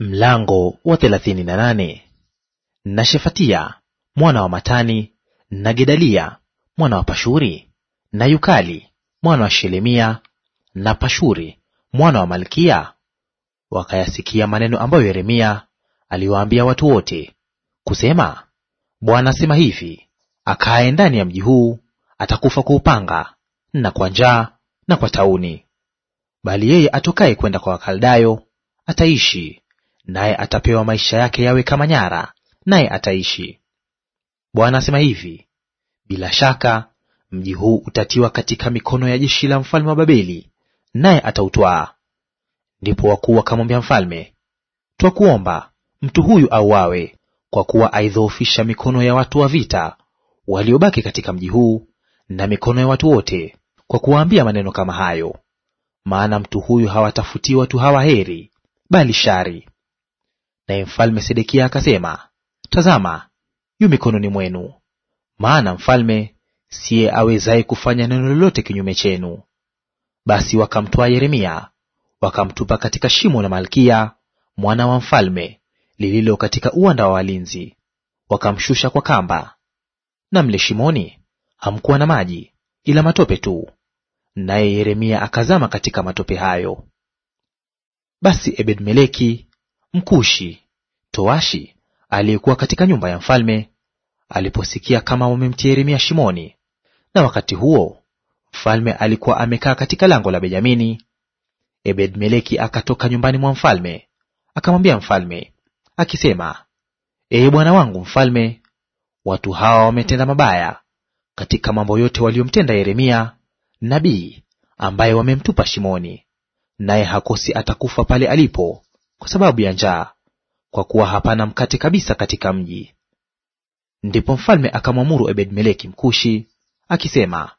Mlango wa thelathini na nane. Na Shefatia mwana wa Matani na Gedalia mwana wa Pashuri na Yukali mwana wa Shelemia na Pashuri mwana wa Malkia wakayasikia maneno ambayo Yeremia aliwaambia watu wote kusema, Bwana asema hivi, akaye ndani ya mji huu atakufa kwa upanga na kwa njaa na kwa tauni, bali yeye atokaye kwenda kwa Wakaldayo ataishi naye atapewa maisha yake yawe kama nyara, naye ataishi. Bwana asema hivi, bila shaka mji huu utatiwa katika mikono ya jeshi la mfalme wa Babeli, naye atautwaa. Ndipo wakuu wakamwambia mfalme, twakuomba mtu huyu auawe, kwa kuwa aidhoofisha mikono ya watu wa vita waliobaki katika mji huu na mikono ya watu wote, kwa kuwaambia maneno kama hayo. Maana mtu huyu hawatafutii watu hawa heri, bali shari. Naye mfalme Sedekia akasema, Tazama, yu mikononi mwenu, maana mfalme siye awezaye kufanya neno lolote kinyume chenu. Basi wakamtoa Yeremia wakamtupa katika shimo la Malkia mwana wa mfalme lililo katika uwanda wa walinzi, wakamshusha kwa kamba. Na mle shimoni hamkuwa na maji ila matope tu, naye Yeremia akazama katika matope hayo. Basi Ebedmeleki meleki Mkushi toashi aliyekuwa katika nyumba ya mfalme aliposikia kama wamemtia Yeremia shimoni, na wakati huo mfalme alikuwa amekaa katika lango la Benyamini, Ebed-Meleki akatoka nyumbani mwa mfalme akamwambia mfalme akisema, Ee bwana wangu mfalme, watu hawa wametenda mabaya katika mambo yote waliyomtenda Yeremia nabii, ambaye wamemtupa shimoni, naye hakosi atakufa pale alipo kwa sababu ya njaa, kwa kuwa hapana mkate kabisa katika mji. Ndipo mfalme akamwamuru Ebed-Meleki Mkushi akisema,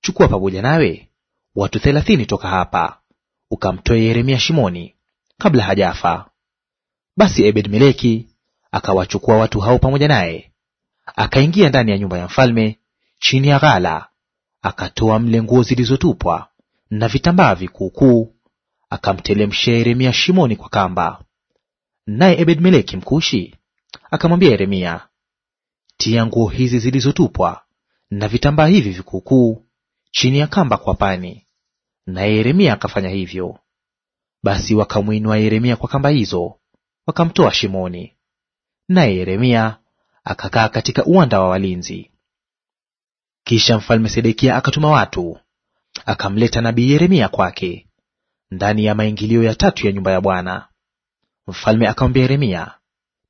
chukua pamoja nawe watu thelathini toka hapa, ukamtoe Yeremia shimoni kabla hajafa. Basi Ebed-Meleki akawachukua watu hao pamoja naye, akaingia ndani ya nyumba ya mfalme chini ya ghala, akatoa mle nguo zilizotupwa na vitambaa vikuukuu akamtelemshia Yeremia shimoni kwa kamba. Naye Ebedmeleki Mkushi akamwambia Yeremia, tia nguo hizi zilizotupwa na vitambaa hivi vikuukuu chini ya kamba kwa pani. Naye Yeremia akafanya hivyo. Basi wakamwinua Yeremia kwa kamba hizo, wakamtoa shimoni, naye Yeremia akakaa katika uwanda wa walinzi. Kisha mfalme Sedekia akatuma watu, akamleta nabii Yeremia kwake, ndani ya maingilio ya tatu ya nyumba ya Bwana. Mfalme akamwambia Yeremia,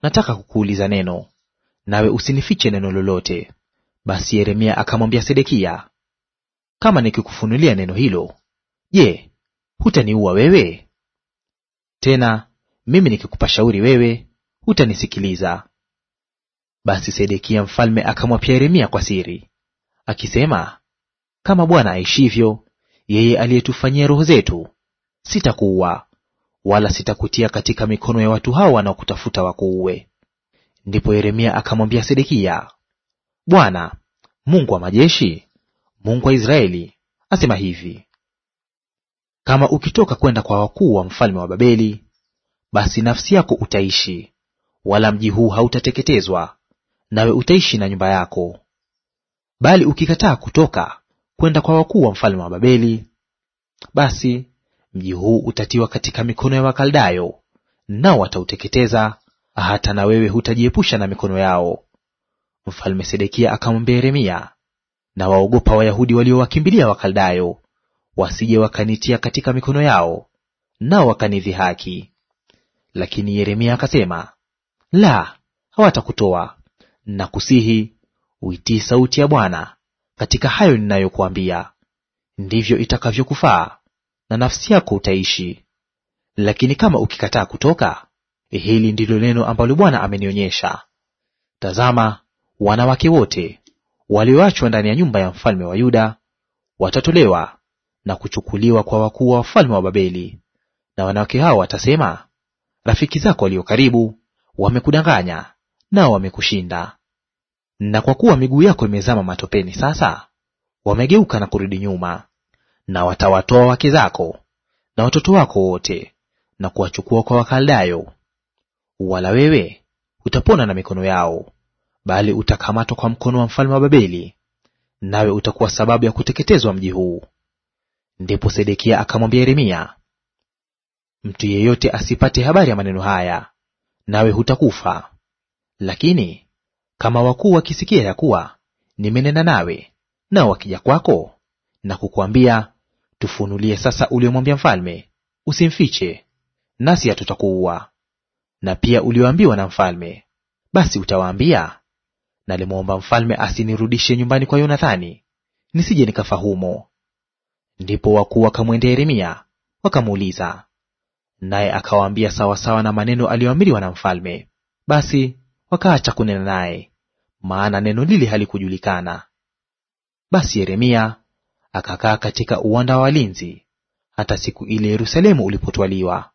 nataka kukuuliza neno, nawe usinifiche neno lolote. Basi Yeremia akamwambia Sedekia, kama nikikufunulia neno hilo, je, hutaniua wewe? Tena mimi nikikupa shauri wewe, hutanisikiliza. Basi Sedekia mfalme akamwapia Yeremia kwa siri akisema, kama Bwana aishivyo, yeye aliyetufanyia roho zetu sitakuua wala sitakutia katika mikono ya watu hao wanaokutafuta wakuue. Ndipo Yeremia akamwambia Sedekia, Bwana Mungu wa majeshi, Mungu wa Israeli asema hivi, kama ukitoka kwenda kwa wakuu wa mfalme wa Babeli, basi nafsi yako utaishi, wala mji huu hautateketezwa, nawe utaishi na nyumba yako. Bali ukikataa kutoka kwenda kwa wakuu wa mfalme wa Babeli, basi Mji huu utatiwa katika mikono ya Wakaldayo, nao watauteketeza, hata na wewe hutajiepusha na mikono yao. Mfalme Sedekia akamwambia Yeremia, na waogopa Wayahudi waliowakimbilia Wakaldayo, wasije wakanitia katika mikono yao, nao wakanidhihaki. Lakini Yeremia akasema, la, hawatakutoa na kusihi uitii sauti ya Bwana katika hayo ninayokuambia, ndivyo itakavyokufaa na nafsi yako utaishi. Lakini kama ukikataa kutoka, hili ndilo neno ambalo Bwana amenionyesha: Tazama, wanawake wote walioachwa ndani ya nyumba ya mfalme wa Yuda watatolewa na kuchukuliwa kwa wakuu wa wafalme wa Babeli, na wanawake hao watasema, rafiki zako walio karibu wamekudanganya, nao wamekushinda. Na kwa kuwa miguu yako imezama matopeni, sasa wamegeuka na kurudi nyuma na watawatoa wake zako na watoto wako wote na kuwachukua kwa Wakaldayo. Wala wewe utapona na mikono yao, bali utakamatwa kwa mkono wa mfalme wa Babeli, nawe utakuwa sababu ya kuteketezwa mji huu. Ndipo Sedekia akamwambia Yeremia, mtu yeyote asipate habari ya maneno haya, nawe hutakufa. Lakini kama wakuu wakisikia ya kuwa nimenena nawe, nao wakija kwako na kukuambia, tufunulie sasa uliomwambia mfalme, usimfiche, nasi hatutakuua. Na pia ulioambiwa na mfalme, basi utawaambia, nalimwomba mfalme asinirudishe nyumbani kwa Yonathani, nisije nikafa humo. Ndipo wakuu wakamwendea Yeremia wakamuuliza, naye akawaambia sawasawa na maneno aliyoamiriwa na mfalme. Basi wakaacha kunena naye, maana neno lile halikujulikana. Basi Yeremia akakaa katika uwanda wa walinzi hata siku ile Yerusalemu ulipotwaliwa.